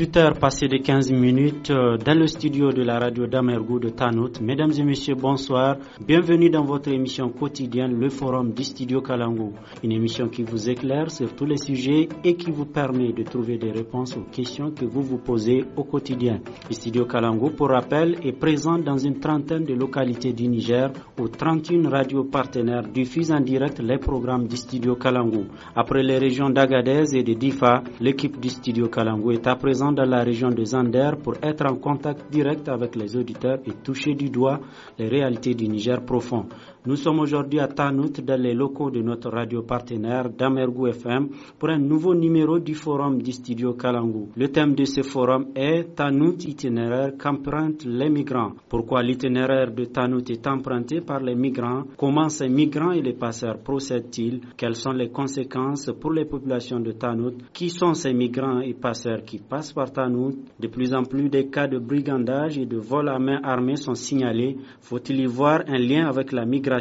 18h passé de 15 minutes euh, dans le studio de la radio d'Amergou de Tanout. Mesdames et messieurs, bonsoir. Bienvenue dans votre émission quotidienne, le forum du studio Kalangou. Une émission qui vous éclaire sur tous les sujets et qui vous permet de trouver des réponses aux questions que vous vous posez au quotidien. Le studio Kalango, pour rappel, est présent dans une trentaine de localités du Niger où 31 radios partenaires diffusent en direct les programmes du studio Kalangou. Après les régions d'Agadez et de Difa, l'équipe du studio Kalango est à présent dans la région de Zander pour être en contact direct avec les auditeurs et toucher du doigt les réalités du Niger profond. Nous sommes aujourd'hui à Tanout dans les locaux de notre radio partenaire Damergou FM pour un nouveau numéro du forum du studio Kalangou. Le thème de ce forum est Tanout itinéraire qu'empruntent les migrants. Pourquoi l'itinéraire de Tanout est emprunté par les migrants Comment ces migrants et les passeurs procèdent-ils Quelles sont les conséquences pour les populations de Tanout Qui sont ces migrants et passeurs qui passent par Tanout De plus en plus, des cas de brigandage et de vol à main armée sont signalés. Faut-il y voir un lien avec la migration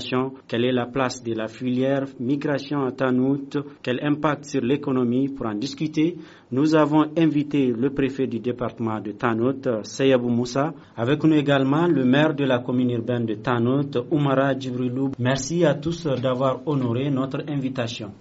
quelle est la place de la filière migration à Tanout, quel impact sur l'économie pour en discuter. Nous avons invité le préfet du département de Tanout, Seyabou Moussa, avec nous également le maire de la commune urbaine de Tanout, Oumara Djibrilou. Merci à tous d'avoir honoré notre invitation.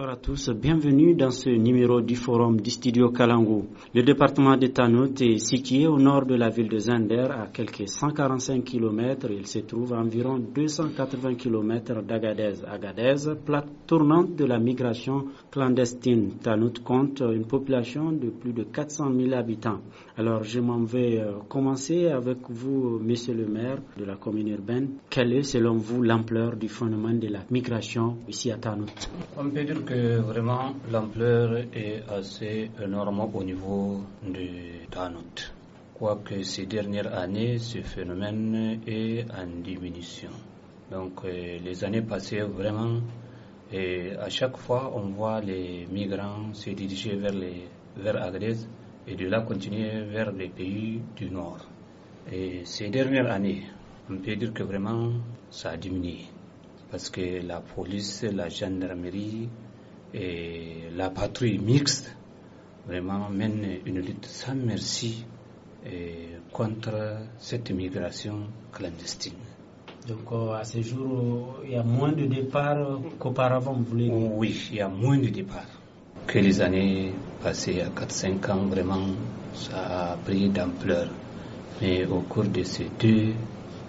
Bonjour à tous, bienvenue dans ce numéro du forum du studio Kalango. Le département de Tanout est situé au nord de la ville de Zander à quelques 145 km. Il se trouve à environ 280 km d'Agadez. Agadez, plaque tournante de la migration clandestine. Tanout compte une population de plus de 400 000 habitants. Alors je m'en vais euh, commencer avec vous, monsieur le maire de la commune urbaine. Quelle est selon vous l'ampleur du phénomène de la migration ici à Tanout On peut dire que vraiment l'ampleur est assez énorme au niveau de Tanout. Quoique ces dernières années, ce phénomène est en diminution. Donc euh, les années passées, vraiment, et à chaque fois, on voit les migrants se diriger vers, les, vers et de là continuer vers les pays du Nord. Et ces dernières années, on peut dire que vraiment ça a diminué parce que la police, la gendarmerie et la patrouille mixte vraiment mènent une lutte sans merci contre cette migration clandestine. Donc euh, à ce jour, euh, il y a moins de départs qu'auparavant, vous voulez Oui, il y a moins de départs que les années passées à 4-5 ans, vraiment, ça a pris d'ampleur. Mais au cours de ces deux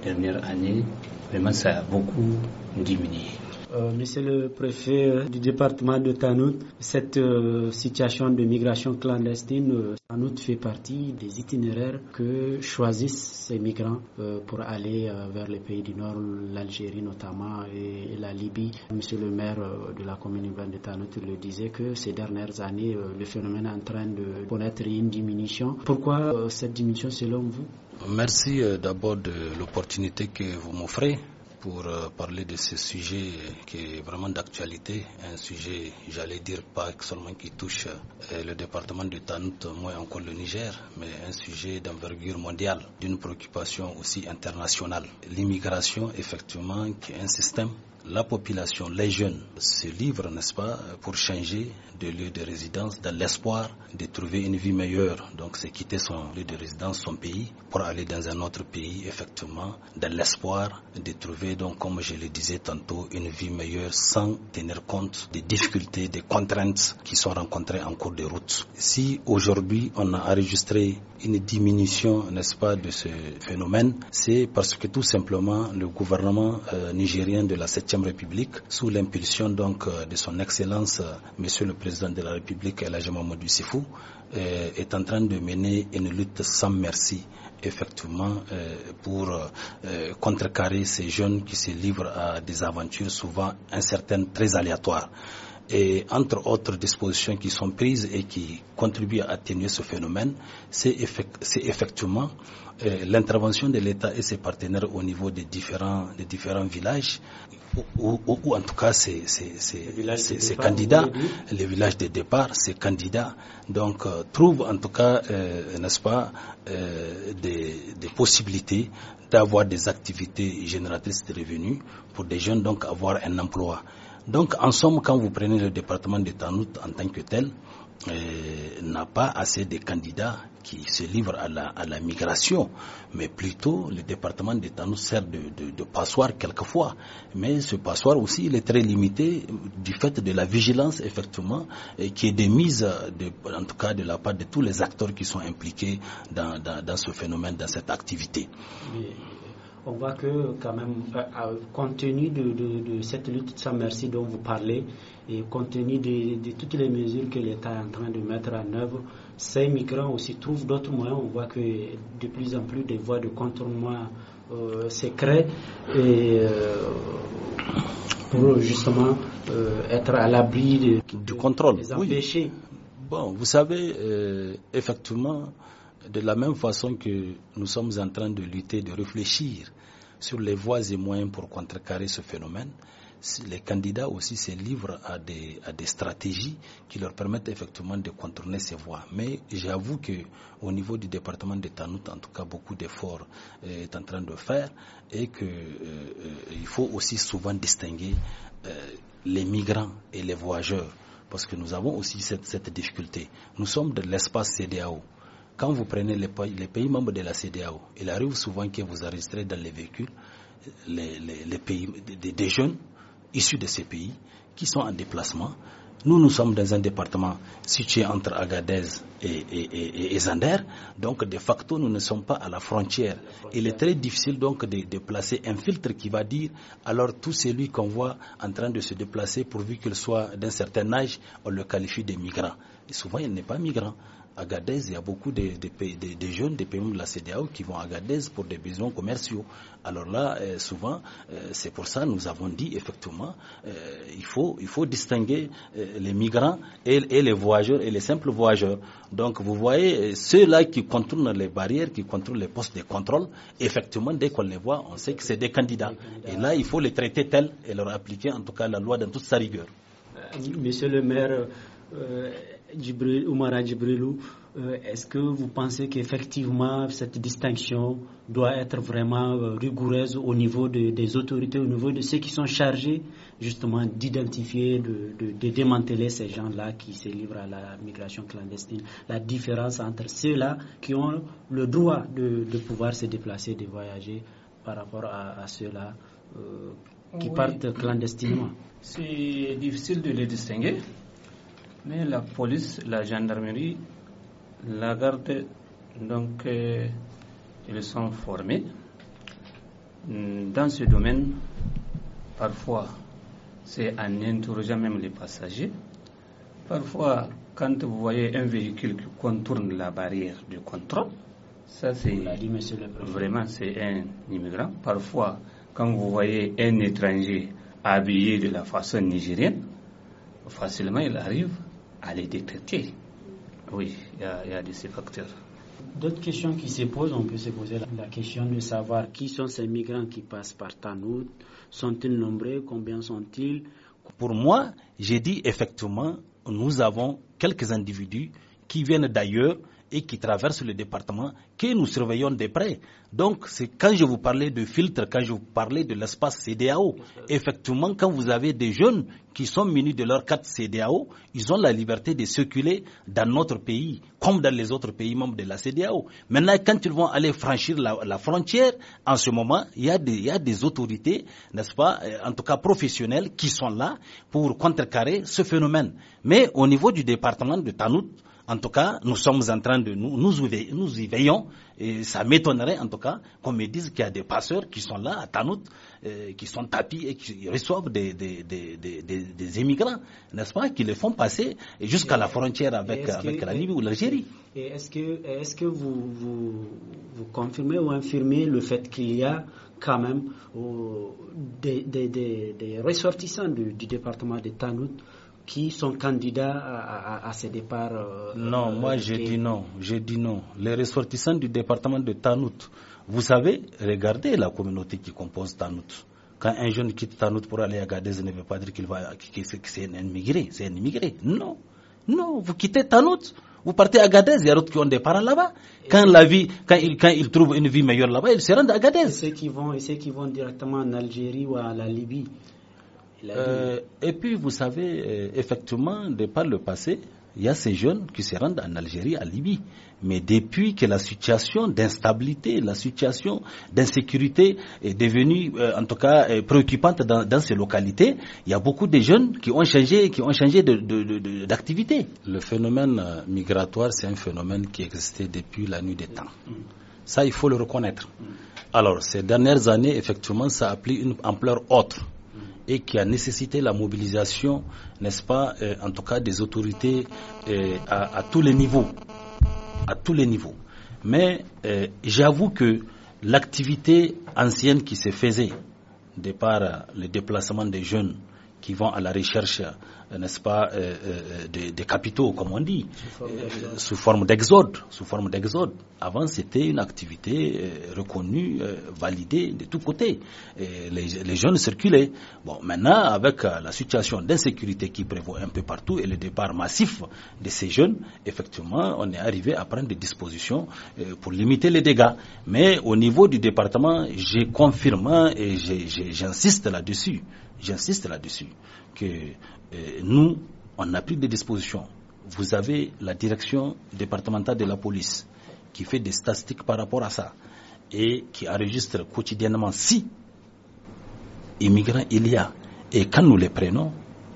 dernières années, vraiment, ça a beaucoup diminué. Euh, monsieur le préfet euh, du département de Tanout, cette euh, situation de migration clandestine, Tanout fait partie des itinéraires que choisissent ces migrants pour aller vers les pays du Nord, l'Algérie notamment et, la Libye. Monsieur le maire de la commune de Tanout le disait que ces dernières années, le phénomène est en train de connaître une diminution. Pourquoi cette diminution selon vous Merci d'abord de l'opportunité que vous m'offrez pour euh, parler de ce sujet qui est vraiment d'actualité, un sujet, j'allais dire, pas seulement qui touche euh, le département de Tanout, moins encore le Niger, mais un sujet d'envergure mondiale, d'une préoccupation aussi internationale. L'immigration, effectivement, qui est un système la population, les jeunes, se livrent, n'est-ce pas, pour changer de lieu de résidence dans l'espoir de trouver une vie meilleure. Donc, c'est quitter son lieu de résidence, son pays, pour aller dans un autre pays, effectivement, dans l'espoir de trouver, donc, comme je le disais tantôt, une vie meilleure sans tenir compte des difficultés, des contraintes qui sont rencontrées en cours de route. Si aujourd'hui, on a enregistré une diminution, n'est-ce pas, de ce phénomène, c'est parce que tout simplement, le gouvernement euh, nigérien de la 7 République, sous l'impulsion donc euh, de son Excellence euh, Monsieur le Président de la République, Mamadou Sifou, euh, est en train de mener une lutte sans merci effectivement pour contrecarrer ces jeunes qui se livrent à des aventures souvent incertaines, très aléatoires. Et entre autres dispositions qui sont prises et qui contribuent à atténuer ce phénomène, c'est effectivement euh, l'intervention de l'État et ses partenaires au niveau des différents, différents villages, ou, en tout cas ces, candidats, les villages de départ, ces candidats, donc euh, trouvent en tout cas, euh, n'est-ce pas, des, des possibilités d'avoir des activités génératrices de revenus pour des jeunes, donc avoir un emploi. Donc, en somme, quand vous prenez le département de Tanout en tant que tel, euh, n'a pas assez de candidats qui se livrent à la, à la migration, mais plutôt le département de Tanout sert de, de, passoire quelquefois. Mais ce passoire aussi, il est très limité du fait de la vigilance, effectivement, et qui est démise, de, en tout cas de la part de tous les acteurs qui sont impliqués dans, ce phénomène, dans cette activité on voit que quand même, euh, euh, compte tenu de, cette lutte sans merci dont vous parlez, et compte tenu de, toutes les mesures que l'État est en train de mettre en œuvre, ces migrants aussi trouvent d'autres moyens. On voit que de plus en plus des voies de contournement euh, créent euh, pour justement être à l'abri du contrôle. Les empêcher. Bon, vous savez, effectivement, de la même façon que nous sommes en train de lutter, de réfléchir sur les voies et moyens pour contrecarrer ce phénomène, les candidats aussi se livrent à des, stratégies qui leur permettent effectivement de contourner ces voies. Mais j'avoue que niveau du département de Tanout, en tout cas, beaucoup d'efforts euh, est en train de faire et qu'il euh, euh, faut aussi souvent distinguer les migrants et les voyageurs parce que nous avons aussi cette difficulté. Nous sommes de l'espace CDAO. Quand vous prenez les pays, membres de la CDAO, il arrive souvent que vous enregistrez dans les véhicules les, pays, des, jeunes issus de ces pays qui sont en déplacement. Nous, nous sommes dans un département situé entre Agadez et, Zander. Donc, de facto, nous ne sommes pas à la frontière. Il est très difficile donc de, de placer un filtre qui va dire alors tout celui qu'on voit en train de se déplacer, pourvu qu'il soit d'un certain âge, on le qualifie de migrant. Et souvent, il n'est pas migrant. Agadez, il y a beaucoup de, de, jeunes des pays de la CDAO qui vont à Gadez pour des besoins commerciaux. Alors là, euh, souvent, euh, c'est pour ça que nous avons dit effectivement, euh, il, faut, il faut distinguer les migrants et, les voyageurs et les simples voyageurs. Donc vous voyez, ceux-là qui contournent les barrières, qui contournent les postes de contrôle, effectivement, dès qu'on les voit, on sait que c'est des candidats. Et là, il faut les traiter tels et leur appliquer en tout cas la loi dans toute sa rigueur. Monsieur le maire, Djibril, euh, est-ce que vous pensez qu'effectivement cette distinction doit être vraiment euh, rigoureuse au niveau des autorités, au niveau de ceux qui sont chargés justement d'identifier, de, démanteler ces gens-là qui se livrent à la migration clandestine, la différence entre ceux-là qui ont le droit de, pouvoir se déplacer, de voyager par rapport à, ceux-là euh, qui partent clandestinement C'est difficile de les distinguer. Mais la police, la gendarmerie, la garde, donc, euh, ils sont formés mm, dans ce domaine. Parfois, c'est en interrogeant même les passagers. Parfois, quand vous voyez un véhicule qui contourne la barrière du contrôle, ça c'est vraiment c'est un immigrant. Parfois, quand vous voyez un étranger habillé de la façon nigérienne, facilement il arrive à les détecter. Oui, il y, y, a de ces facteurs. D'autres questions qui se posent, on peut se poser la question de savoir qui sont ces migrants qui passent par Tanout, sont-ils nombreux, combien sont-ils Pour moi, j'ai dit effectivement, nous avons quelques individus qui viennent d'ailleurs et qui traversent le département que nous surveillons de près. Donc, c'est quand je vous parlais de filtre, quand je vous parlais de l'espace CDAO, effectivement, quand vous avez des jeunes qui sont munis de leur carte CDAO, ils ont la liberté de circuler dans notre pays, comme dans les autres pays membres de la CDAO. Maintenant, quand ils vont aller franchir la, frontière, en ce moment, il y a des, il y a des autorités, n'est-ce pas, euh, en tout cas professionnelles, qui sont là pour contrecarrer ce phénomène. Mais au niveau du département de Tanout, en tout cas, nous sommes en train de nous, nous, y veillons. Et ça m'étonnerait, en tout cas, qu'on me dise qu'il y a des passeurs qui sont là à Tanout, euh, qui sont tapis et qui reçoivent des, des, immigrants, n'est-ce pas, qui les font passer jusqu'à la frontière avec, la Libye ou l'Algérie. est-ce que, vous, vous, confirmez ou infirmez le fait qu'il y a quand même oh, des, ressortissants du, du département de Tanout qui sont candidats à, à, à ces départs euh, Non, euh, moi j'ai dit non, j'ai dit non. Les ressortissants du département de Tanout, vous savez, regardez la communauté qui compose Tanout. Quand un jeune quitte Tanout pour aller à Gadez, ça ne veut pas dire qu'il va, c'est un immigré, c'est un immigré. Non, non, vous quittez Tanout. Vous partez à Gadez, il y a d'autres qui ont des parents là-bas. Quand la vie, quand ils, quand trouvent une vie meilleure là-bas, ils se rendent à Gadez. ceux qui vont, et ceux qui vont directement en Algérie ou à la Libye. Euh, et puis, vous savez, euh, effectivement, de par le passé, il y a ces jeunes qui se rendent en Algérie, à Libye. Mais depuis que la situation d'instabilité, la situation d'insécurité est devenue, euh, en tout cas, préoccupante dans, ces localités, il y a beaucoup de jeunes qui ont changé, qui ont changé d'activité. Le phénomène migratoire, c'est un phénomène qui existait depuis la nuit des temps. Ça, il faut le reconnaître. Mm. Alors, ces dernières années, effectivement, ça a pris une ampleur autre et qui a nécessité la mobilisation, n'est-ce pas, euh, en tout cas des autorités euh, à, tous les niveaux. À tous les niveaux. Mais euh, j'avoue que l'activité ancienne qui se faisait, de par le déplacement des jeunes qui vont à la recherche, euh, n'est-ce pas, euh, euh, des, capitaux, comme on dit, sous forme d'exode. Sous forme d'exode. Avant, c'était une activité reconnue, validée de tous côtés. les, les, jeunes circulaient. Bon, maintenant, avec la situation d'insécurité qui prévaut un peu partout et le départ massif de ces jeunes, effectivement, on est arrivé à prendre des dispositions pour limiter les dégâts. Mais au niveau du département, j'ai confirmé et j'insiste là-dessus j'insiste là-dessus, que euh, nous, on a pris des dispositions. Vous avez la direction départementale de la police qui fait des statistiques par rapport à ça et qui enregistre quotidiennement si immigrants il y a. Et quand nous les prenons,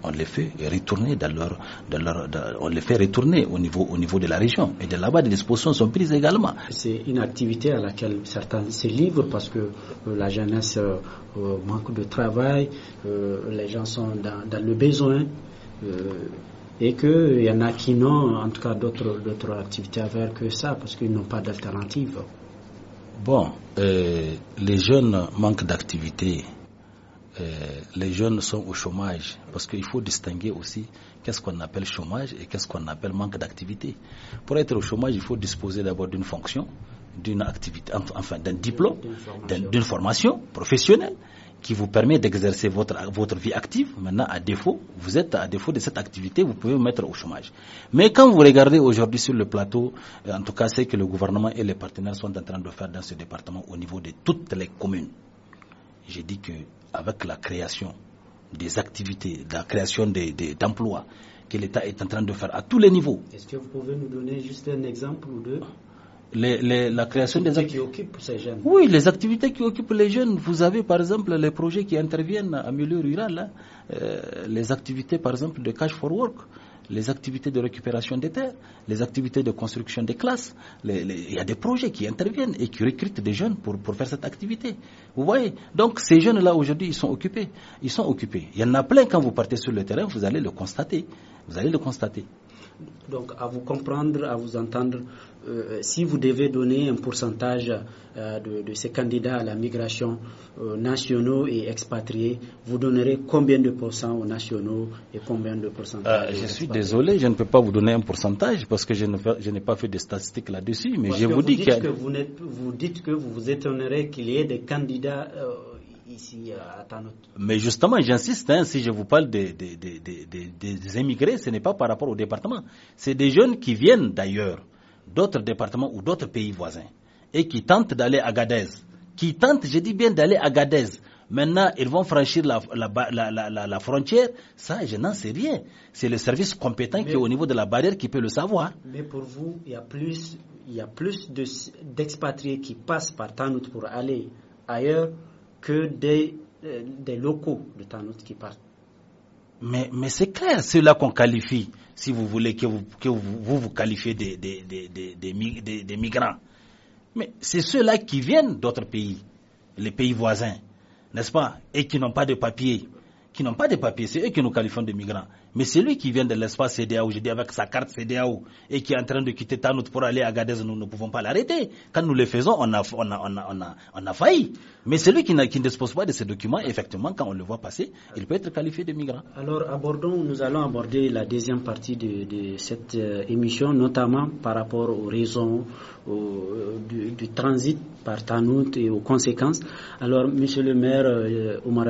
on les fait retourner dans les fait retourner au niveau, au niveau de la région. Et de là-bas, des dispositions sont prises également. C'est une activité à laquelle certains se livrent parce que euh, la jeunesse euh, manque de travail, euh, les gens sont dans, le besoin et qu'il y en a qui n'ont en tout cas d'autres, activités à faire que ça parce qu'ils n'ont pas d'alternative. Bon, les jeunes manquent d'activité euh, les jeunes sont au chômage, parce qu'il faut distinguer aussi qu'est-ce qu'on appelle chômage et qu'est-ce qu'on appelle manque d'activité. Pour être au chômage, il faut disposer d'abord d'une fonction, d'une activité, enfin d'un diplôme, d'une formation professionnelle qui vous permet d'exercer votre, votre vie active. Maintenant, à défaut, vous êtes à défaut de cette activité, vous pouvez vous mettre au chômage. Mais quand vous regardez aujourd'hui sur le plateau, euh, en tout cas, c'est que le gouvernement et les partenaires sont en train de faire dans ce département au niveau de toutes les communes j'ai dit qu'avec la création des activités, la création d'emplois que l'État est en train de faire à tous les niveaux. Est-ce que vous pouvez nous donner juste un exemple ou les, la création des activités qui occupent ces jeunes. Oui, les activités qui occupent les jeunes. Vous avez par exemple les projets qui interviennent en milieu rural, hein. euh, les activités par exemple de Cash for Work les activités de récupération des terres, les activités de construction des classes. il y a des projets qui interviennent et qui recrutent des jeunes pour, pour faire cette activité. Vous voyez Donc ces jeunes-là aujourd'hui, ils sont occupés. Ils sont occupés. Il y en a plein quand vous partez sur le terrain, vous allez le constater. Vous allez le constater. Donc à vous comprendre, à vous entendre, euh, si vous devez donner un pourcentage euh, de, ces candidats à la migration euh, nationaux et expatriés, vous donnerez combien de pourcents aux nationaux et combien de pourcentages ah, Je suis désolé, je ne peux pas vous donner un pourcentage parce que je n'ai pas fait de statistiques là-dessus, mais je vous, dis que vous, vous, dites que vous vous étonnerez qu'il y ait des candidats. Ici, à Mais justement, j'insiste, hein, si je vous parle des, des, des immigrés, ce n'est pas par rapport au département. C'est des jeunes qui viennent d'ailleurs d'autres départements ou d'autres pays voisins et qui tentent d'aller à Gadez, qui tentent, je dis bien d'aller à Gadez, maintenant ils vont franchir la, la, la, la frontière, ça je n'en sais rien. C'est le service compétent qui est au niveau de la barrière qui peut le savoir. Mais pour vous, il y a plus, il y a plus d'expatriés qui passent par Tanout pour aller ailleurs que des, euh, des locaux de Tanout qui partent. Mais, mais c'est clair, ceux-là qu'on qualifie si vous voulez que vous que vous, vous, qualifiez des, des, migrants. Mais c'est ceux-là qui viennent d'autres pays, les pays voisins, n'est-ce pas, et qui n'ont pas de papiers, qui n'ont pas de papiers, c'est eux qui nous qualifions de migrants. Mais celui qui vient de l'espace CDAO, je dis avec sa carte CDAO, et qui est en train de quitter Tanout pour aller à Gadez, nous ne pouvons pas l'arrêter. Quand nous le faisons, on a, failli. Mais celui qui, qui ne dispose pas de ces documents, effectivement, quand on le voit passer, il peut être qualifié de migrant. Alors, abordons, nous allons aborder la deuxième partie de, cette euh, émission, notamment par rapport aux raisons euh, du, transit par Tanout et aux conséquences. Alors, monsieur le maire euh, Omar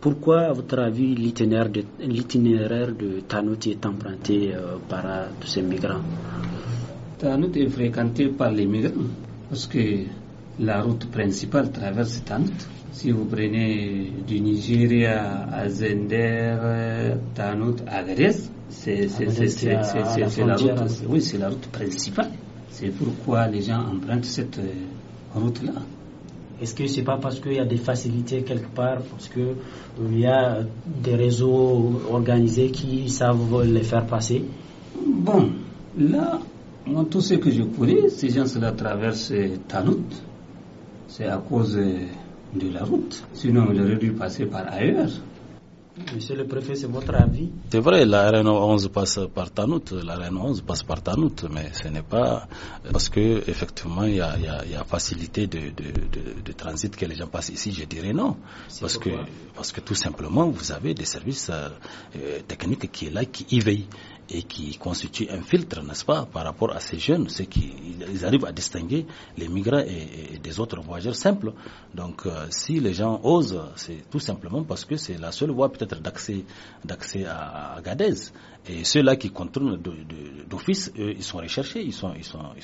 pourquoi, à votre avis, l'itinéraire de, l'itinéraire itinéraire de est emprunté euh, par euh, tous ces migrants Tanout est fréquenté par les migrants parce que la route principale traverse Tanout. Si vous prenez du Nigeria à Zender, euh, Tanout à Grèce, c'est la, la route principale. C'est pourquoi les gens empruntent cette route-là. Est-ce que c'est pas parce qu'il y a des facilités quelque part, parce que euh, il y a des réseaux organisés qui savent les faire passer Bon, là, tout ce que je connais, ces gens-là traversent Tanout. C'est à cause euh, de la route. Sinon, on aurait dû passer par ailleurs. Monsieur le préfet, c'est votre avis C'est vrai, la RN11 passe par Tanout, la RN11 passe par Tanout, mais ce n'est pas euh, parce que effectivement il y a, y, a, y a, facilité de, de, de, de, transit que les gens passent ici, je dirais non, parce que parce que tout simplement vous avez des services euh, euh, techniques qui est là qui y veillent et qui constitue un filtre, n'est-ce pas, par rapport à ces jeunes, c'est qu'ils arrivent à distinguer les migrants et, des autres voyageurs simples. Donc, euh, si les gens osent, c'est tout simplement parce que c'est la seule voie peut-être d'accès d'accès à, à Gadez. Et ceux-là qui contrôlent d'office, ils sont recherchés, ils sont, ils sont, ils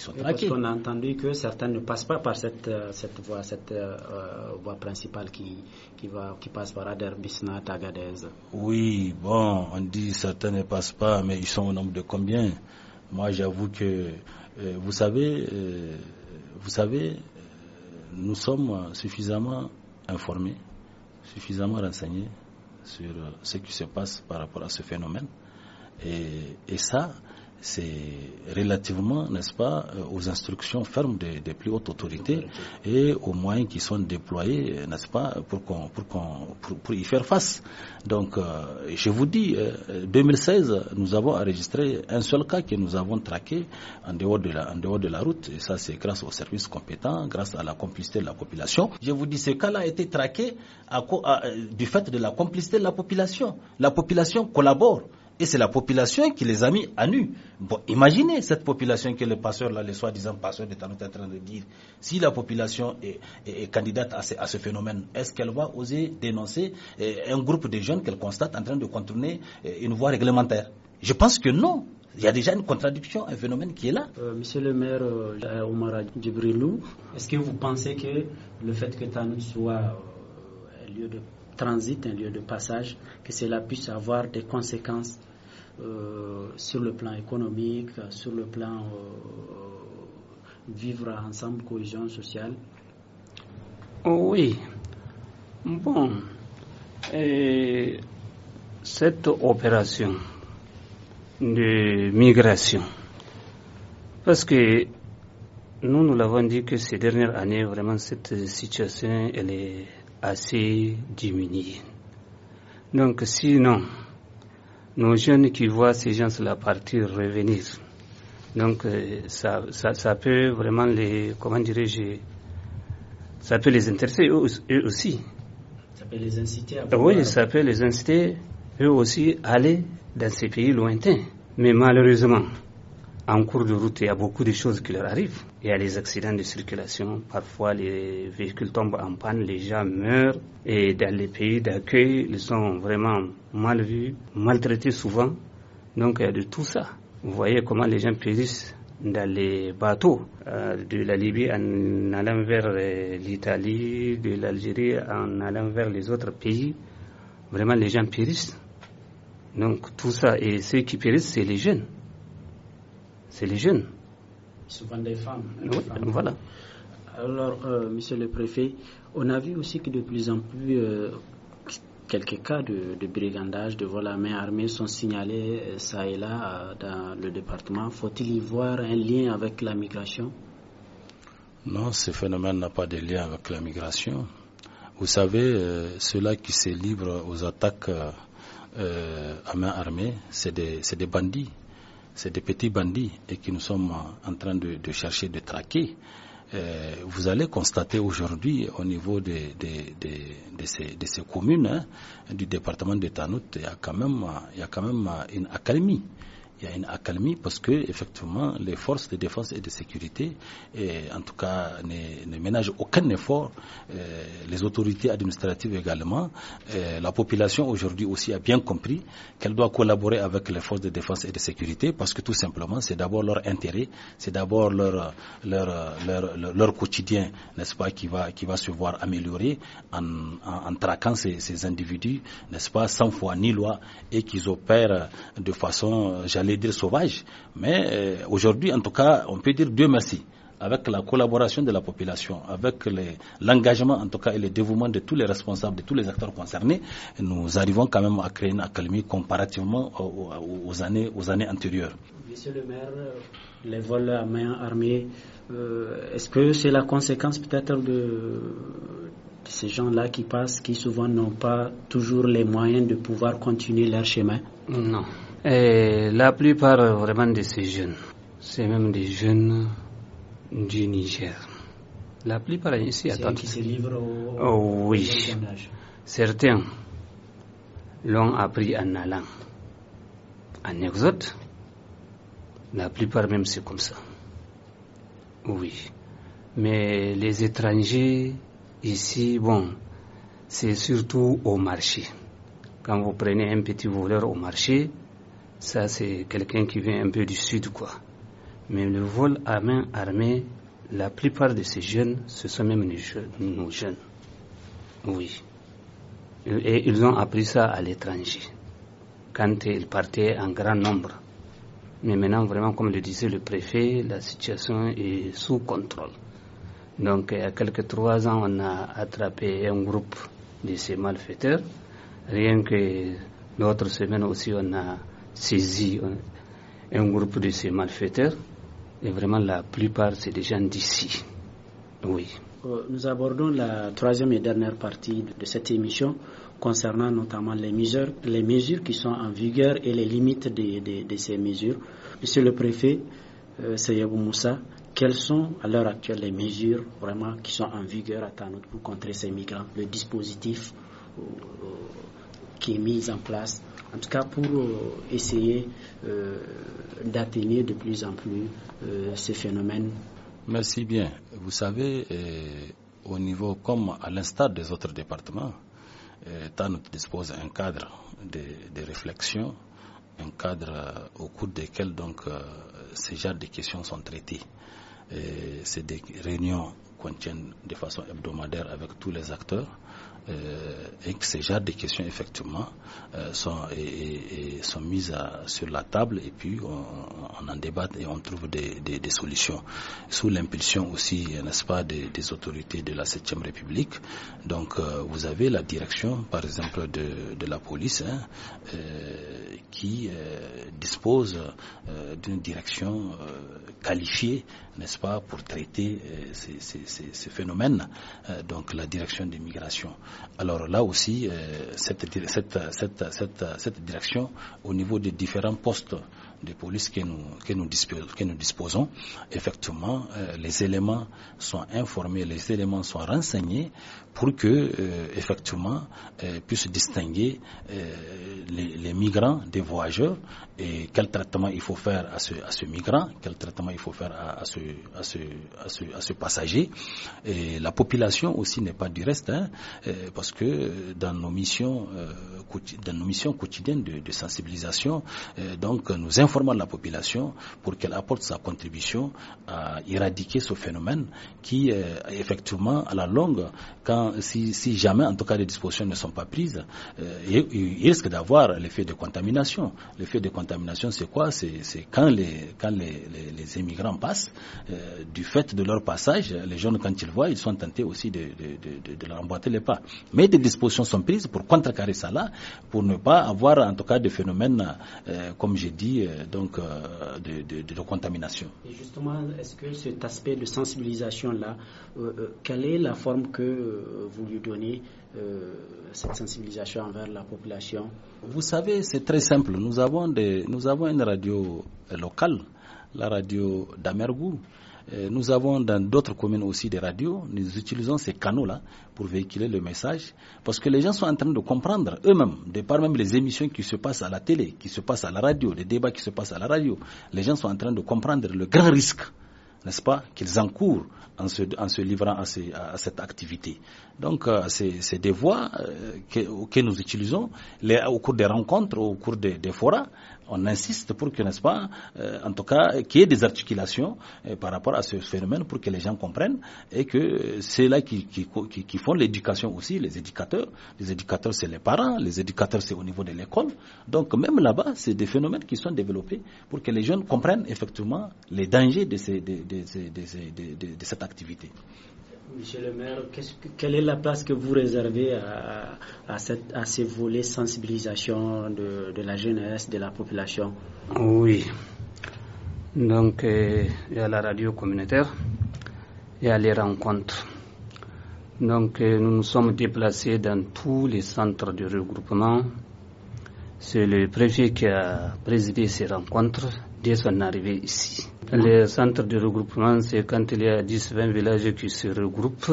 sont, ils a entendu que certains ne passent pas par cette, euh, cette voie, cette euh, euh, voie principale qui, qui, va, qui passe par Ader, Bisna, Tagadez. Oui, bon, on dit certains ne passent pas, mais ils sont au nombre de combien Moi, j'avoue que, vous savez, vous savez, nous sommes suffisamment informés, suffisamment renseignés sur euh, ce qui se passe par rapport à ce phénomène. Et, et ça, c'est relativement, n'est-ce pas, euh, aux instructions fermes des, plus hautes autorités et aux moyens qui sont déployés, euh, n'est-ce pas, pour, qu'on, pour, pour, y faire face. Donc, euh, je vous dis, 2016, nous avons enregistré un seul cas que nous avons traqué en dehors de la, en dehors de la route. Et ça, c'est grâce aux services compétents, grâce à la complicité de la population. Je vous dis, ce cas-là a été traqué du fait de la complicité de la population. La population collabore. Et c'est la population qui les a mis à nu. Bon, imaginez cette population que le pasteur, là, le soi-disant pasteur de Tanout est en train de dire. Si la population est, candidate à ce, phénomène, est-ce qu'elle va oser dénoncer eh, un groupe de jeunes qu'elle constate en train de contourner eh, une voie réglementaire Je pense que non. Il y a déjà une contradiction, un phénomène qui est là. Euh, monsieur le maire euh, Omar Djibrilou, est-ce que vous pensez que le fait que Tanout soit euh, un lieu de transit, un lieu de passage, que cela puisse avoir des conséquences euh, sur le plan économique, sur le plan euh, vivre ensemble, cohésion sociale. Oh oui. Bon. Et cette opération de migration, parce que nous, nous l'avons dit que ces dernières années, vraiment, cette situation, elle est assez diminué. Donc sinon, nos jeunes qui voient ces gens-là partir, revenir, donc euh, ça, ça, peut vraiment les, comment dirais-je, ça peut les intéresser eux, aussi. Ça peut les inciter à Oui, ça peut les inciter eux aussi à aller dans ces pays lointains. Mais malheureusement, en cours de route, il y a beaucoup de choses qui leur arrivent. Il y a les accidents de circulation, parfois les véhicules tombent en panne, les gens meurent. Et dans les pays d'accueil, ils sont vraiment mal vus, maltraités souvent. Donc il y a de tout ça. Vous voyez comment les gens périssent dans les bateaux euh, de la Libye en allant vers euh, l'Italie, de l'Algérie en allant vers les autres pays. Vraiment, les gens périssent. Donc tout ça, et ceux qui périssent, c'est les jeunes c'est les jeunes. Souvent des femmes. Voilà. Alors, euh, monsieur le préfet, on a vu aussi que de plus en plus, euh, quelques cas de, brigandage, de vol à main armée sont signalés euh, ça et là dans le département. Faut-il y voir un lien avec la migration Non, ce phénomène n'a pas de lien avec la migration. Vous savez, ceux-là qui se livrent aux attaques à main armée, c'est des bandits c'est des petits bandits et que nous sommes en train de, chercher de traquer. Euh, vous allez constater aujourd'hui au niveau de, de, de ces, communes hein, du département de Tanout, il y a quand même, il y a quand même une accalmie il y a une accalmie parce que effectivement les forces de défense et de sécurité, en tout cas, ne, ménagent aucun effort. Euh, les autorités administratives également. Euh, la population aujourd'hui aussi a bien compris qu'elle doit collaborer avec les forces de défense et de sécurité parce que tout simplement, c'est d'abord leur intérêt, c'est d'abord leur leur, quotidien, n'est-ce pas, qui va, qui va se voir améliorer en, traquant ces, individus, n'est-ce pas, sans foi ni loi et qu'ils opèrent de façon, j'allais dire sauvage, mais euh, aujourd'hui, en tout cas, on peut dire Dieu merci avec la collaboration de la population, avec l'engagement en tout cas et le dévouement de tous les responsables, de tous les acteurs concernés, nous arrivons quand même à créer une accalmie comparativement aux, années, aux années antérieures. Monsieur le maire, euh, les vols à main armée, euh, est-ce que c'est la conséquence peut-être de, de ces gens-là qui passent, qui souvent n'ont pas toujours les moyens de pouvoir continuer leur chemin Non, et la plupart vraiment de ces jeunes, c'est même des jeunes du Niger. La plupart ici attendent. qui se oh oui. Certains l'ont appris en allant. En exode, la plupart même c'est comme ça. Oui. Mais les étrangers ici, bon, c'est surtout au marché. Quand vous prenez un petit voleur au marché, ça c'est quelqu'un qui vient un peu du sud, quoi. Mais le vol à main armée, la plupart de ces jeunes, ce sont même nos jeunes. Oui. Et ils ont appris ça à l'étranger, quand ils partaient en grand nombre. Mais maintenant, vraiment, comme le disait le préfet, la situation est sous contrôle. Donc, il y a quelques trois ans, on a attrapé un groupe de ces malfaiteurs. Rien que l'autre semaine aussi, on a saisi un, groupe de ces malfaiteurs. Et vraiment, la plupart, c'est des gens d'ici. Oui. Euh, nous abordons la troisième et dernière partie de cette émission concernant notamment les mesures, les mesures qui sont en vigueur et les limites de, ces mesures. Monsieur le préfet, euh, Moussa, quelles sont à l'heure actuelle les mesures vraiment qui sont en vigueur à Tanout pour contrer ces migrants, le dispositif euh, euh, qui est mise en place, en tout cas pour euh, essayer euh, d'atteindre de plus en plus euh, ces phénomènes Merci bien. Vous savez, au niveau, comme à l'instar des autres départements, tant nous dispose d'un cadre de, réflexion, un cadre au cours desquels donc ces genres de questions sont traitées. C'est des réunions contiennent tient de façon hebdomadaire avec tous les acteurs euh, et que ces genres de questions, effectivement, euh, sont, sont mises sur la table et puis on, en débat et on trouve des, solutions. Sous l'impulsion aussi, n'est-ce pas, des, autorités de la 7 République. Donc, euh, vous avez la direction, par exemple, de, la police hein, qui dispose d'une direction qualifiée, n'est-ce pas, pour traiter ces, ces, ces, phénomènes. donc, la direction des migrations. Alors là aussi, euh, cette, cette, direction, au niveau des différents postes de police que nous, nous, disposons, effectivement, euh, les éléments sont informés, les éléments sont renseignés pour que, euh, effectivement, euh, puissent distinguer les, migrants des voyageurs et quel traitement il faut faire à ce, à ce migrant, quel traitement il faut faire à, ce, à, à, ce, passager. Et la population aussi n'est pas du reste, hein, parce que dans nos missions, dans nos missions quotidiennes de, sensibilisation, donc nous informons former la population pour qu'elle apporte sa contribution à éradiquer ce phénomène qui, euh, effectivement, à la longue, quand, si, jamais, en tout cas, les dispositions ne sont pas prises, euh, il, risque d'avoir l'effet de contamination. L'effet de contamination, c'est quoi C'est quand, les, quand les, les, immigrants passent, euh, du fait de leur passage, les jeunes, quand ils voient, ils sont tentés aussi de, de, de, de leur emboîter les pas. Mais des dispositions sont prises pour contrecarrer ça là, pour ne pas avoir, en tout cas, des phénomènes, comme j'ai dit, donc euh, de, de, de, contamination. Et justement, est-ce que cet aspect de sensibilisation-là, euh, euh, quelle est la forme que vous lui donnez cette sensibilisation envers la population Vous savez, c'est très simple. Nous avons, nous avons une radio locale, la radio d'Amergou. Euh, nous avons dans d'autres communes aussi des radios. Nous utilisons ces canaux-là pour véhiculer le message parce que les gens sont en train de comprendre eux-mêmes, de par même les émissions qui se passent à la télé, qui se passent à la radio, les débats qui se passent à la radio. Les gens sont en train de comprendre le grand risque n'est-ce pas, qu'ils encourent en se, livrant à, cette activité. Donc, euh, c'est des voies euh, que, nous utilisons au cours des rencontres, au cours des, des forats, on insiste pour que, n'est-ce pas, euh, en tout cas, qu'il y ait des articulations euh, par rapport à ce phénomène pour que les gens comprennent et que c'est là qui, font l'éducation aussi, les éducateurs. Les éducateurs, c'est les parents, les éducateurs, c'est au niveau de l'école. Donc, même là-bas, c'est des phénomènes qui sont développés pour que les jeunes comprennent effectivement les dangers de, ces, de cette activité. Monsieur le maire, quelle est la place que vous réservez à, ces volets sensibilisation de, la jeunesse, de la population Oui. Donc, euh, il y a la radio communautaire, il y les rencontres. Donc, euh, nous nous sommes déplacés dans tous les centres de regroupement. C'est le préfet qui a présidé ces rencontres dès son arrivée ici. Le centre de regroupement, c'est quand il y a 10-20 villages qui se regroupent.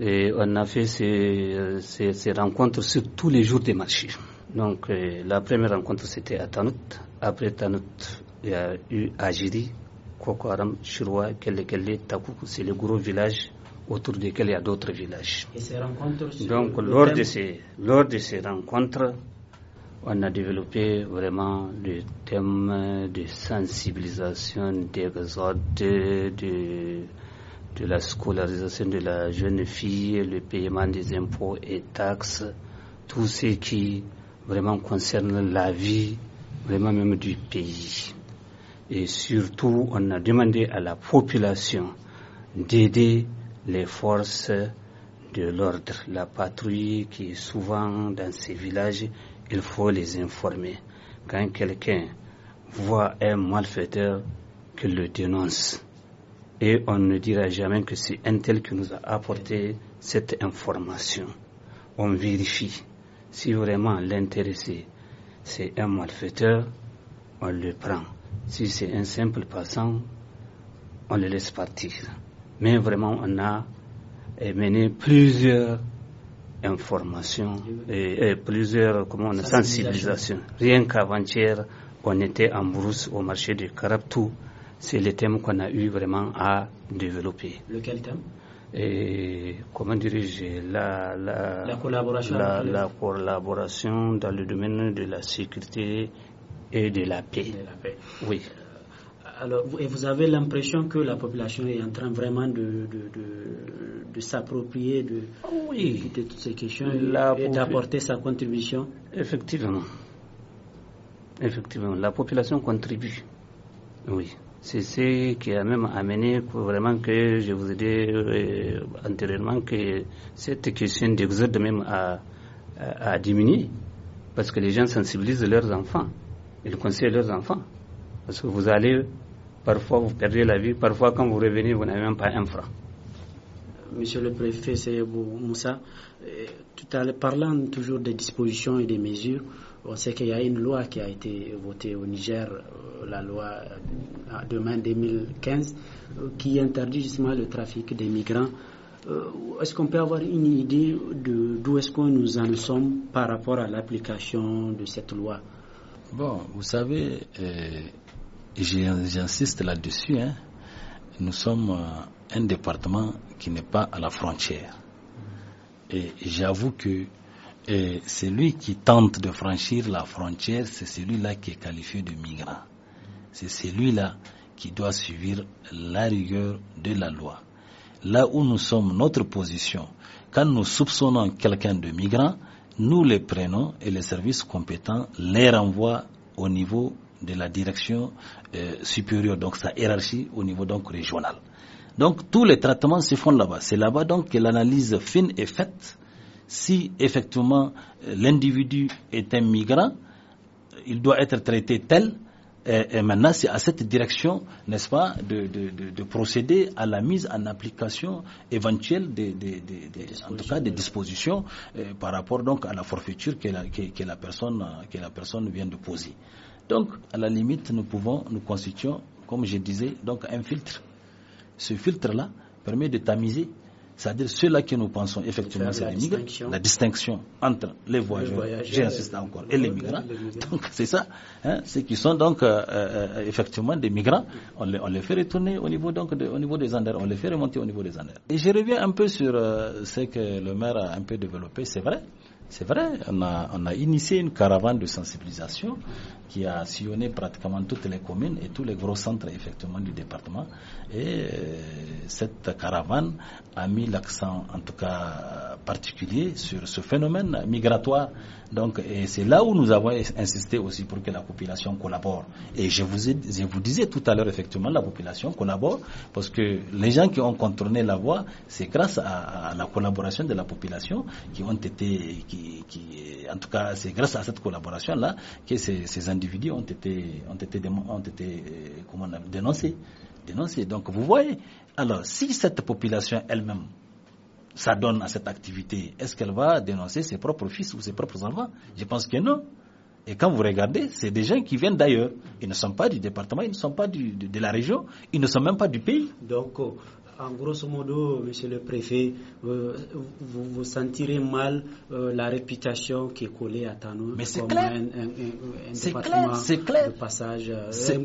Et on a fait ces, ces, rencontres sur tous les jours des marchés. Donc euh, la première rencontre c'était à Tanout. Après Tanout, il y a eu Agiri, Kokoram, Chirwa, Kelle Takoukou. Takuku, c'est le gros village autour desquels il y a d'autres villages. Et ces rencontres Donc lors de, ces, lors de ces rencontres, on a développé vraiment le thème de sensibilisation des autres, de, de, la scolarisation de la jeune fille, le paiement des impôts et taxes, tout ce qui vraiment concerne la vie, vraiment même du pays. Et surtout, on a demandé à la population d'aider les forces de l'ordre, la patrouille qui est souvent dans ces villages il faut les informer. Quand quelqu'un voit un malfaiteur, qu'il le dénonce. Et on ne dira jamais que c'est un tel qui nous a apporté cette information. On vérifie. Si vraiment l'intéressé, c'est un malfaiteur, on le prend. Si c'est un simple passant, on le laisse partir. Mais vraiment, on a mené plusieurs information et, plusieurs comment on sensibilisations. Rien qu'avant-hier, on était en brousse au marché du Carabtou. C'est le thème qu'on a eu vraiment à développer. Lequel thème et comment diriger la, la, la, collaboration la, collaboration dans le domaine de la sécurité et de la paix. De la paix. Oui alors, et vous avez l'impression que la population est en train vraiment de, de, s'approprier de, ah toutes ces questions et, d'apporter sa contribution Effectivement. Effectivement, la population contribue. Oui. C'est ce qui a même amené vraiment que je vous ai dit euh, antérieurement que cette question d'exode même a, a, a diminué parce que les gens sensibilisent leurs enfants. Ils conseillent leurs enfants. Parce que vous allez Parfois, vous perdez la vie. Parfois, quand vous revenez, vous n'avez même pas un franc. Monsieur le Préfet, c'est Moussa. Euh, tout parlant toujours des dispositions et des mesures, on sait qu'il y a une loi qui a été votée au Niger, euh, la loi de mai 2015, qui interdit justement le trafic des migrants. Euh, est-ce qu'on peut avoir une idée d'où est-ce que nous en sommes par rapport à l'application de cette loi Bon, vous savez, j'insiste là-dessus, hein. nous sommes euh, un département qui n'est pas à la frontière. Et j'avoue que euh, celui qui tente de franchir la frontière, c'est celui-là qui est qualifié de migrant. C'est celui-là qui doit suivre la rigueur de la loi. Là où nous sommes, notre position, quand nous soupçonnons quelqu'un de migrant, nous les prenons et les services compétents les renvoient au niveau de la direction euh, supérieure, donc sa hiérarchie au niveau donc régional. Donc tous les traitements se font là-bas. C'est là-bas donc que l'analyse fine est faite. Si effectivement euh, l'individu est un migrant, euh, il doit être traité tel. Et, maintenant, c'est à cette direction, n'est-ce pas, de, procéder à la mise en application éventuelle des, en tout cas, des dispositions par rapport donc à la forfaiture la personne que la personne vient de poser. Donc, à la limite, nous pouvons, nous constituons, comme je disais, donc un filtre. Ce filtre-là permet de tamiser, c'est-à-dire ceux-là que nous pensons effectivement c'est les migrants, la distinction entre les voyageurs, j'insiste encore, et les migrants. Donc, c'est ça, hein, ceux qui sont donc euh, euh, euh, effectivement des migrants, on les, on les, fait retourner au niveau, donc au niveau des Andes, on les fait remonter au niveau des Andes. Et je reviens un peu sur ce que le maire a un peu développé, c'est vrai. C'est vrai, on a, on a, initié une caravane de sensibilisation qui a sillonné pratiquement toutes les communes et tous les gros centres effectivement du département. Et euh, cette caravane a mis l'accent, en tout cas particulier, sur ce phénomène migratoire. Donc, c'est là où nous avons insisté aussi pour que la population collabore. Et je vous, je vous disais tout à l'heure, effectivement, la population collabore parce que les gens qui ont contourné la voie, c'est grâce à, la collaboration de la population qui ont été, qui, qui en tout cas, c'est grâce à cette collaboration-là que ces, ces individus ont été, ont été, ont été euh, comment dénoncés, dénoncés. Donc vous voyez, alors si cette population elle-même s'adonne à cette activité, est-ce qu'elle va dénoncer ses propres fils ou ses propres enfants Je pense que non. Et quand vous regardez, c'est des gens qui viennent d'ailleurs. Ils ne sont pas du département, ils ne sont pas de, de, la région, ils ne sont même pas du pays. Donc, euh, en grosso modo, monsieur le préfet, euh, vous, vous sentirez mal euh, la réputation qui est collée à Tanout Mais c'est clair. un, département de passage,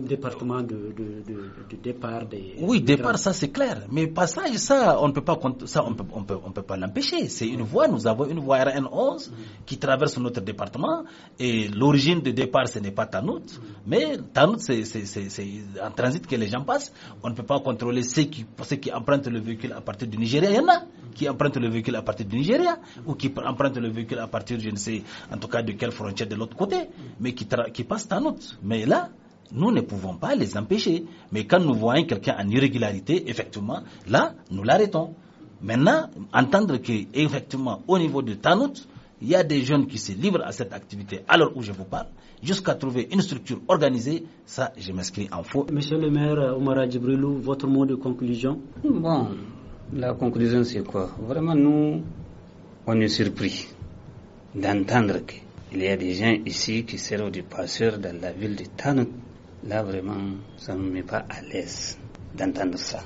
département de, de, départ des. Oui, départ, ça c'est clair. Mais passage, ça, on ne peut pas, ça, on peut, on peut, pas l'empêcher. C'est une voie. Nous avons une voie RN11 qui traverse notre département et l'origine de départ, ce n'est pas Tanout, mais Tanout, c'est en transit que les gens passent. On ne peut pas contrôler ceux qui, ceux qui empruntent le véhicule à partir du Nigeria. Il y en a qui empruntent le véhicule à partir du Nigeria ou qui emprunte le véhicule à partir, je ne sais, en tout cas de quelle frontière de l'autre côté, mais qui, qui passent Tanout. Mais là, nous ne pouvons pas les empêcher. Mais quand nous voyons quelqu'un en irrégularité, effectivement, là, nous l'arrêtons. Maintenant, entendre que effectivement, au niveau de Tanout, il y a des jeunes qui se livrent à cette activité à l'heure où je vous parle, jusqu'à trouver une structure organisée, ça, je m'inscris en faux. Monsieur le maire Omar Djibrilou, votre mot de conclusion Bon, la conclusion c'est quoi Vraiment, nous, on est surpris d'entendre qu'il y a des gens ici qui servent du passeurs dans la ville de Tan Là, vraiment, ça ne me met pas à l'aise d'entendre ça.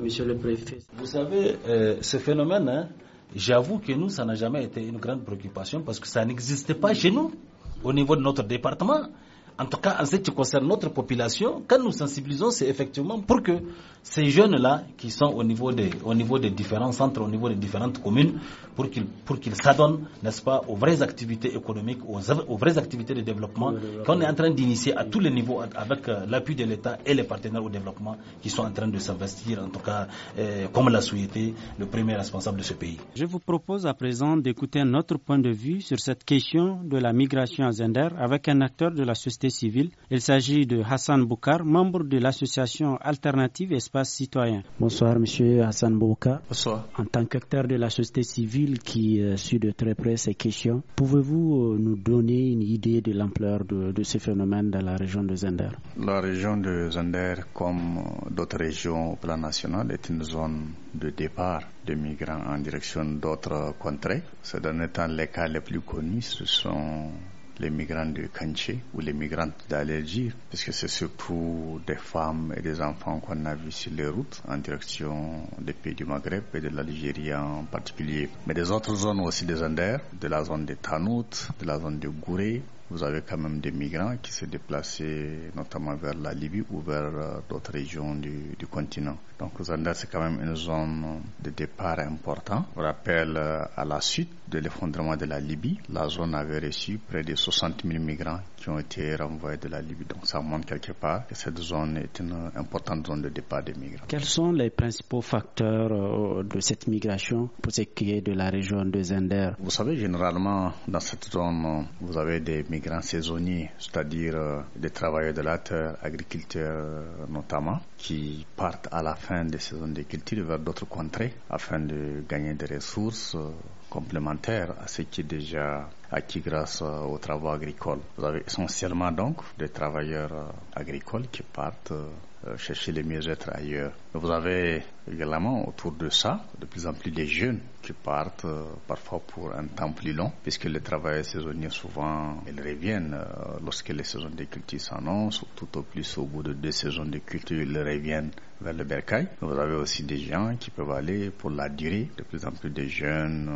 Monsieur le préfet. Vous savez, euh, ce phénomène, hein, J'avoue que nous, ça n'a jamais été une grande préoccupation parce que ça n'existait pas chez nous, au niveau de notre département en tout cas en ce qui concerne notre population, quand nous sensibilisons, c'est effectivement pour que ces jeunes-là, qui sont au niveau, des, différents centres, au niveau des différentes communes, pour qu'ils s'adonnent, n'est-ce pas, aux vraies activités économiques, aux, vraies activités de développement qu'on est en train d'initier à tous les niveaux avec euh, l'appui de l'État et les partenaires au développement qui sont en train de s'investir, en tout cas, euh, comme l'a souhaité le premier responsable de ce pays. Je vous propose à présent d'écouter notre point de vue sur cette question de la migration à Zender avec un acteur de la société civile. Il s'agit de Hassan Boukar, membre de l'association Alternative Espace Citoyen. Bonsoir, monsieur Hassan Boukar. Bonsoir. En tant qu'acteur de la société civile qui euh, suit de très près ces questions, pouvez-vous euh, nous donner une idée de l'ampleur de, de ce phénomène dans la région de Zender La région de Zender, comme euh, d'autres régions au plan national, est une zone de départ de migrants en direction d'autres contrées. Ces derniers temps, les cas les plus connus, ce sont les migrants de Kanché ou les migrants d'allergie, parce que c'est surtout des femmes et des enfants qu'on a vus sur les routes en direction des pays du Maghreb et de l'Algérie en particulier. Mais des autres zones aussi des Anders, de la zone de Tanout, de la zone de Gouré, vous avez quand même des migrants qui se déplacent notamment vers la Libye ou vers euh, d'autres régions du continent. Donc Zander, c'est quand même une zone de départ importante. vous rappelle, euh, à la suite de l'effondrement de la Libye, la zone avait reçu près de 60 000 migrants qui ont été renvoyés de la Libye. Donc ça montre quelque part que cette zone est une importante zone de départ des migrants. Quels sont les principaux facteurs euh, de cette migration pour ce qui est de la région de Zender Vous savez, généralement, dans cette zone, vous avez des migrants saisonniers, c'est-à-dire euh, des travailleurs de la terre, agriculteurs notamment, qui partent à la fin fin des saisons de culture vers d'autres contrées afin de gagner des ressources euh, complémentaires à ce qui est déjà acquis grâce euh, aux travaux agricoles. Vous avez essentiellement donc des travailleurs euh, agricoles qui partent euh, chercher les mieux-être ailleurs. Vous avez également autour de ça de plus en plus des jeunes qui partent euh, parfois pour un temps plus long, puisque les travailleurs saisonniers souvent ils reviennent euh, lorsque les saisons de culture s'annoncent, tout au plus au bout de deux saisons de culture ils reviennent vers le bercail. Vous avez aussi des gens qui peuvent aller pour la durée, de plus en plus des jeunes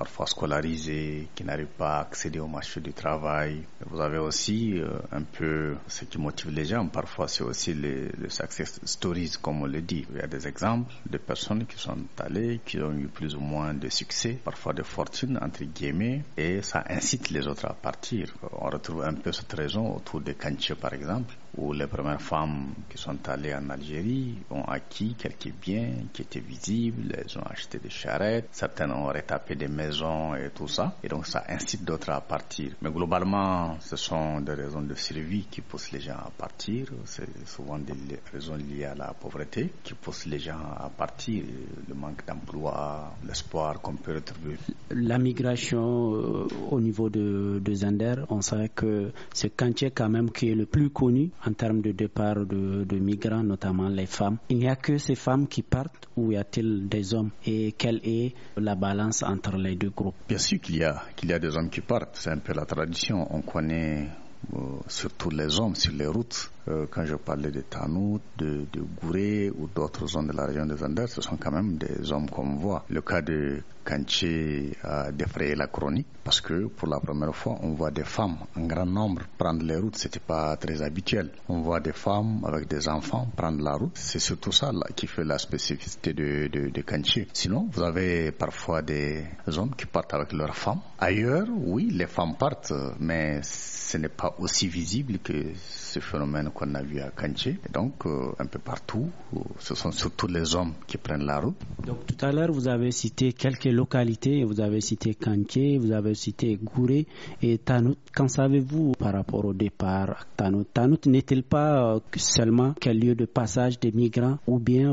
parfois scolarisés, qui n'arrivent pas à accéder au marché du travail. Vous avez aussi euh, un peu ce qui motive les gens. Parfois, c'est aussi les, success stories, comme on le dit. Il y a des exemples de personnes qui sont allées, qui ont eu plus ou moins de succès, parfois de fortune, entre guillemets, et ça incite les autres à partir. On retrouve un peu cette raison autour des Kanche, par exemple où les premières femmes qui sont allées en Algérie ont acquis quelques biens qui étaient visibles, elles ont acheté des charrettes, certaines ont retapé des maisons et tout ça, et donc ça incite d'autres à partir. Mais globalement, ce sont des raisons de survie qui poussent les gens à partir, c'est souvent des raisons liées à la pauvreté qui poussent les gens à partir, le manque d'emploi, l'espoir qu'on peut retrouver. La migration euh, au niveau de, de on sait que c'est cantier quand même qui est le plus connu en termes de départ de, migrants, notamment les femmes. Il n'y a que ces femmes qui partent ou y a-t-il des hommes Et quelle est la balance entre les deux groupes Bien sûr qu'il y, a, y a des hommes qui partent, c'est un peu la tradition. On connaît euh, surtout les hommes sur les routes euh, quand je parlais de Tanout, de, Gouré ou d'autres zones de la région des Andes, ce sont quand même des hommes qu'on voit. Le cas de Kanché a euh, défrayé la chronique parce que pour la première fois, on voit des femmes en grand nombre prendre les routes. C'était pas très habituel. On voit des femmes avec des enfants prendre la route. C'est surtout ça là, qui fait la spécificité de, de, de Kanché. Sinon, vous avez parfois des hommes qui partent avec leurs femmes. Ailleurs, oui, les femmes partent, mais ce n'est pas aussi visible que ce phénomène qu'on a vu à Kanché. Donc, euh, un peu partout, euh, ce sont surtout les hommes qui prennent la route. Donc, tout à l'heure, vous avez cité quelques localités. Vous avez cité Kanché, vous avez cité Gouré et Tanout. Qu'en savez-vous par rapport au départ à Tanout Tanout n'est-il pas euh, seulement qu'un lieu de passage des migrants ou bien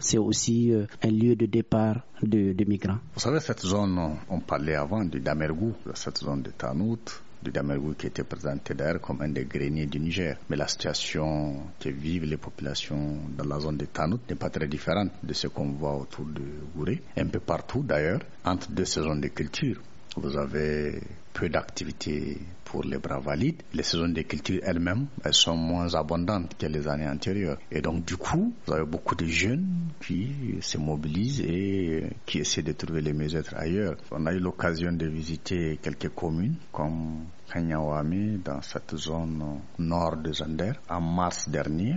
c'est aussi un lieu de départ de, des migrants Vous savez, cette zone, on parlait avant de Damergou, cette zone de Tanout de Damergou qui était présenté d'ailleurs comme un des greniers du Niger. Mais la situation que vivent les populations dans la zone de Tanout n'est pas très différente de ce qu'on voit autour de Gouré, un peu partout d'ailleurs, entre deux saisons de culture. Vous avez peu d'activités pour les bras valides. Les saisons des cultures elles-mêmes, elles sont moins abondantes que les années antérieures. Et donc, du coup, vous avez beaucoup de jeunes qui se mobilisent et qui essaient de trouver les mesures ailleurs. On a eu l'occasion de visiter quelques communes comme Kanyawami dans cette zone nord de Zander en mars dernier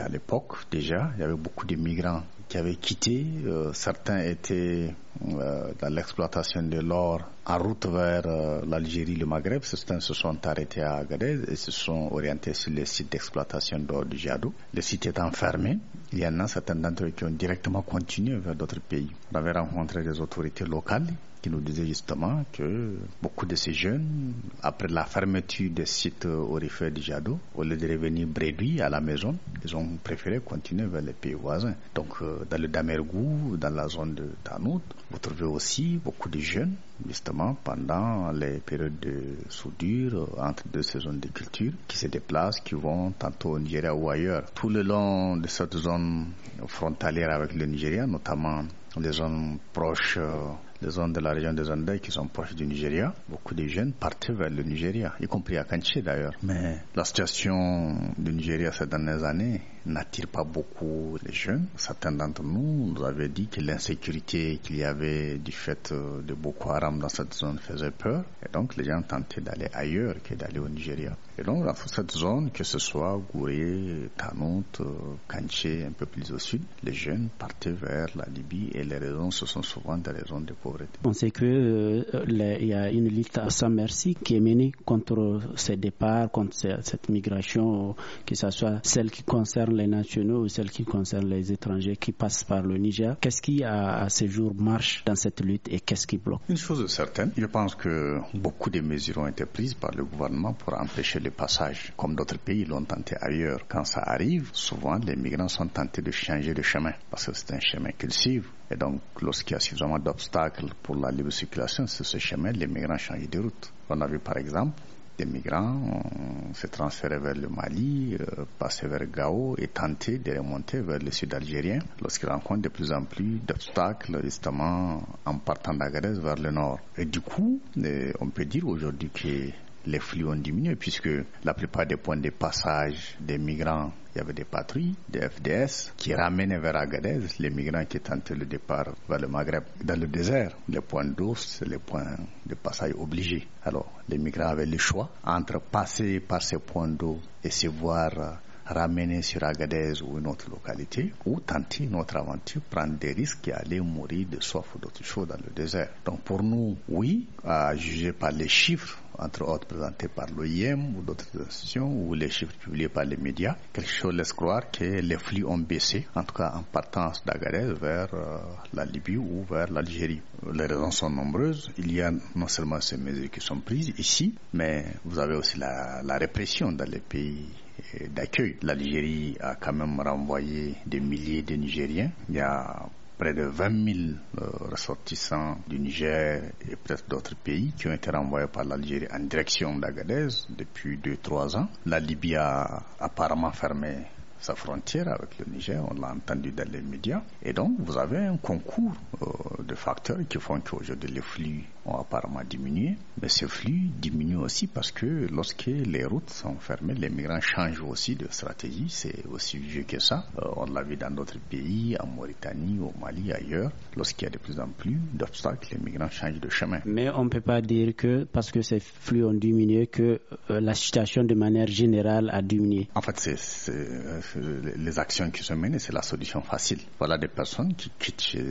à l'époque déjà, il y avait beaucoup de migrants qui avaient quitté. Euh, certains étaient euh, dans l'exploitation de l'or en route vers euh, l'Algérie, le Maghreb. Certains se sont arrêtés à Agadez et se sont orientés sur les sites d'exploitation d'or du Jadou. Le site est enfermé. il y en a certains d'entre eux qui ont directement continué vers d'autres pays. On avait rencontré des autorités locales qui nous disait justement que beaucoup de ces jeunes, après la fermeture des sites orifères du Jadot, au lieu de revenir bréduits à la maison, ils ont préféré continuer vers les pays voisins. Donc, euh, dans le Damergou, dans la zone de Tanout, vous trouvez aussi beaucoup de jeunes, justement, pendant les périodes de soudure, euh, entre deux saisons de culture, qui se déplacent, qui vont tantôt au Nigeria ou ailleurs. Tout le long de cette zone frontalière avec le Nigeria, notamment les zones proches euh, des zones de la région des Andes qui sont proches du Nigeria. Beaucoup de jeunes partent vers le Nigeria, y compris à Kanché d'ailleurs. Mais la situation du Nigeria ces dernières années n'attire pas beaucoup les jeunes. Certains d'entre nous nous avaient dit que l'insécurité qu'il y avait du fait euh, de Boko Haram dans cette zone faisait peur. Et donc les gens tentaient d'aller ailleurs que d'aller au Nigeria. Et donc dans cette zone, que ce soit Gouré, Tanont, euh, Kanché, un peu plus au sud, les jeunes partaient vers la Libye et les raisons, ce sont souvent des raisons de pauvreté. On sait qu'il euh, y a une lutte sans merci qui est menée contre ces départs, contre cette migration, que ce soit celle qui concerne les nationaux ou celles qui concernent les étrangers qui passent par le Niger. Qu'est-ce qui, à, à ce jour, marche dans cette lutte et qu'est-ce qui bloque Une chose est certaine, je pense que beaucoup de mesures ont été prises par le gouvernement pour empêcher le passage. Comme d'autres pays l'ont tenté ailleurs. Quand ça arrive, souvent les migrants sont tentés de changer de chemin parce que c'est un chemin qu'ils suivent. Et donc, lorsqu'il y a suffisamment d'obstacles pour la libre circulation sur ce chemin, les migrants changent de route. On a vu par exemple des migrants se transféré vers le Mali, euh, passer vers Gao et tenter de remonter vers le sud algérien lorsqu'ils rencontrent de plus en plus d'obstacles justement en partant Grèce vers le nord. Et du coup, eh, on peut dire aujourd'hui que les flux ont diminué puisque la plupart des points de passage des migrants, il y avait des patries, des FDS, qui ramenaient vers Agadez les migrants qui tentaient le départ vers le Maghreb dans le désert. Les points d'eau, c'est les points de passage obligés. Alors, les migrants avaient le choix entre passer par ces points d'eau et se voir euh, ramener sur Agadez ou une autre localité, ou tenter notre aventure, prendre des risques et aller mourir de soif ou d'autres choses dans le désert. Donc pour nous, oui, à juger par les chiffres, entre autres présentés par l'OIM ou d'autres institutions, ou les chiffres publiés par les médias, quelque chose laisse croire que les flux ont baissé, en tout cas en partance d'Agadez vers euh, la Libye ou vers l'Algérie. Les raisons sont nombreuses. Il y a non seulement ces mesures qui sont prises ici, mais vous avez aussi la, la répression dans les pays d'accueil. L'Algérie a quand même renvoyé des milliers de Nigériens. Il y a près de 20 000 euh, ressortissants du Niger et peut-être d'autres pays qui ont été renvoyés par l'Algérie en direction d'Agadez depuis 2-3 ans. La Libye a apparemment fermé sa frontière avec le Niger, on l'a entendu dans les médias. Et donc, vous avez un concours euh, de facteurs qui font qu'aujourd'hui, les flux ont apparemment diminué, mais ce flux diminue aussi parce que lorsque les routes sont fermées, les migrants changent aussi de stratégie. C'est aussi vieux que ça. Euh, on l'a vu dans d'autres pays, en Mauritanie, au Mali, ailleurs. Lorsqu'il y a de plus en plus d'obstacles, les migrants changent de chemin. Mais on ne peut pas dire que parce que ces flux ont diminué, que euh, la situation de manière générale a diminué. En fait, c'est euh, les actions qui sont menées, c'est la solution facile. Voilà des personnes qui quittent chez,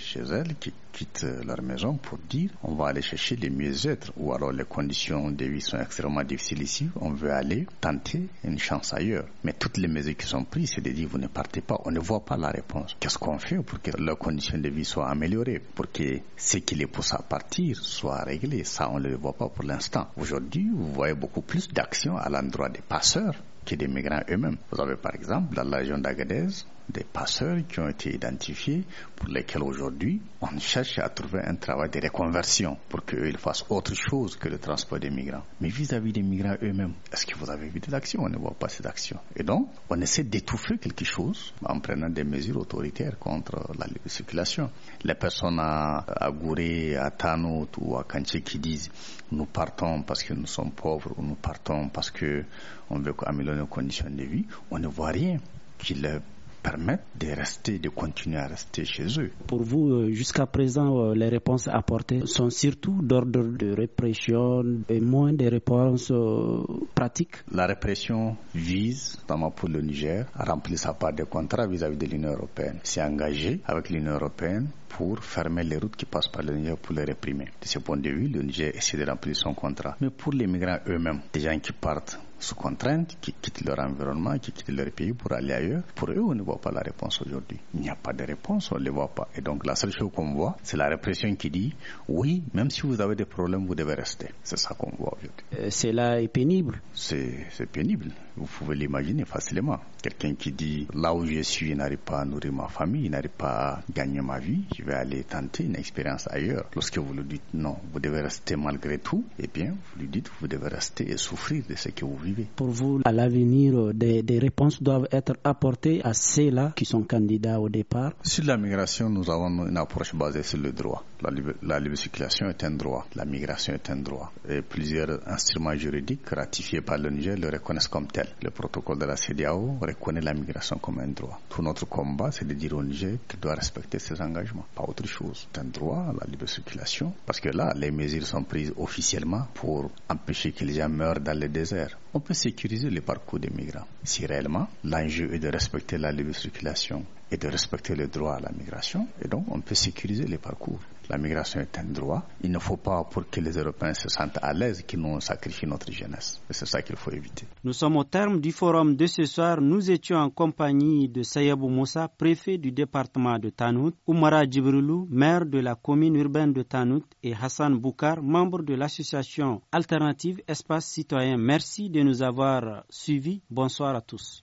chez elles, qui quittent euh, leur maison pour dire on va aller chercher les mieux-être ou alors les conditions de vie sont extrêmement difficiles ici, on veut aller tenter une chance ailleurs. Mais toutes les mesures qui sont prises, c'est de dire vous ne partez pas, on ne voit pas la réponse. Qu'est-ce qu'on fait pour que leurs conditions de vie soient améliorées, pour que ce qui les pousse à partir soit réglé Ça, on ne le voit pas pour l'instant. Aujourd'hui, vous voyez beaucoup plus d'actions à l'endroit des passeurs que des migrants eux-mêmes. Vous avez par exemple dans la région d'Agadez des passeurs qui ont été identifiés pour lesquels aujourd'hui on cherche à trouver un travail de reconversion pour qu'ils fassent autre chose que le transport des migrants. Mais vis-à-vis des migrants eux-mêmes, est-ce que vous avez vu des actions On ne voit pas ces actions. Et donc, on essaie d'étouffer quelque chose en prenant des mesures autoritaires contre la circulation. Les personnes à, à à Tanout ou à Kanché qui disent nous partons parce que nous sommes pauvres ou nous partons parce que on veut améliorer nos conditions de vie, on ne voit rien qui leur permette de rester, de continuer à rester chez eux. Pour vous, euh, jusqu'à présent, euh, les réponses apportées sont surtout d'ordre de répression et moins des réponses euh, pratiques La répression vise, notamment pour le Niger, à remplir sa part de contrat vis-à-vis de l'Union européenne. S'est engagé avec l'Union européenne pour fermer les routes qui passent par le Niger pour les réprimer. De ce point de vue, le Niger essaie de remplir son contrat. Mais pour les migrants eux-mêmes, des gens qui partent sous contrainte, qui quittent leur environnement, qui quittent leur pays pour aller ailleurs. Pour eux, on ne voit pas la réponse aujourd'hui. Il n'y a pas de réponse, on ne les voit pas. Et donc la seule chose qu'on voit, c'est la répression qui dit oui, même si vous avez des problèmes, vous devez rester. C'est ça qu'on voit aujourd'hui. Euh, est pénible. C'est pénible. Vous pouvez l'imaginer facilement. Quelqu'un qui dit là où je suis, je n'arrive pas à nourrir ma famille, il n'arrive pas à gagner ma vie, je vais aller tenter une expérience ailleurs. Lorsque vous lui dites non, vous devez rester malgré tout, eh bien, vous lui dites vous devez rester et souffrir de ce que vous vivez. Pour vous, à l'avenir, euh, des, des réponses doivent être apportées à ceux-là qui sont candidats au départ Sur la migration, nous avons une approche basée sur le droit. La, libre circulation est un droit, la migration est un droit. Et plusieurs instruments juridiques ratifiés par le Niger le reconnaissent comme tel. Le protocole de la CDAO reconnaît la migration comme un droit. Tout notre combat, c'est de dire au Niger qu'il doit respecter ses engagements, pas autre chose. C'est un droit, la libre circulation, parce que là, les mesures sont prises officiellement pour empêcher que les gens meurent dans le désert. On peut sécuriser les parcours des migrants. Si réellement, l'enjeu est de respecter la libre circulation et de respecter le droit à la migration, et donc on peut sécuriser les parcours. La migration est un droit. Il ne faut pas, pour que les Européens se sentent à l'aise, qu'ils nous sacrifient notre jeunesse. Et c'est ça qu'il faut éviter. Nous sommes au terme du forum de ce soir. Nous étions en compagnie de Sayabou Moussa, préfet du département de Tanout, Oumara Djibroulou, maire de la commune urbaine de Tanout, et Hassan Boukar, membre de l'association Alternative Espace Citoyen. Merci de nous avoir suivis. Bonsoir à tous.